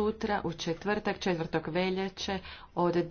sutra u četvrtak, četvrtog veljače od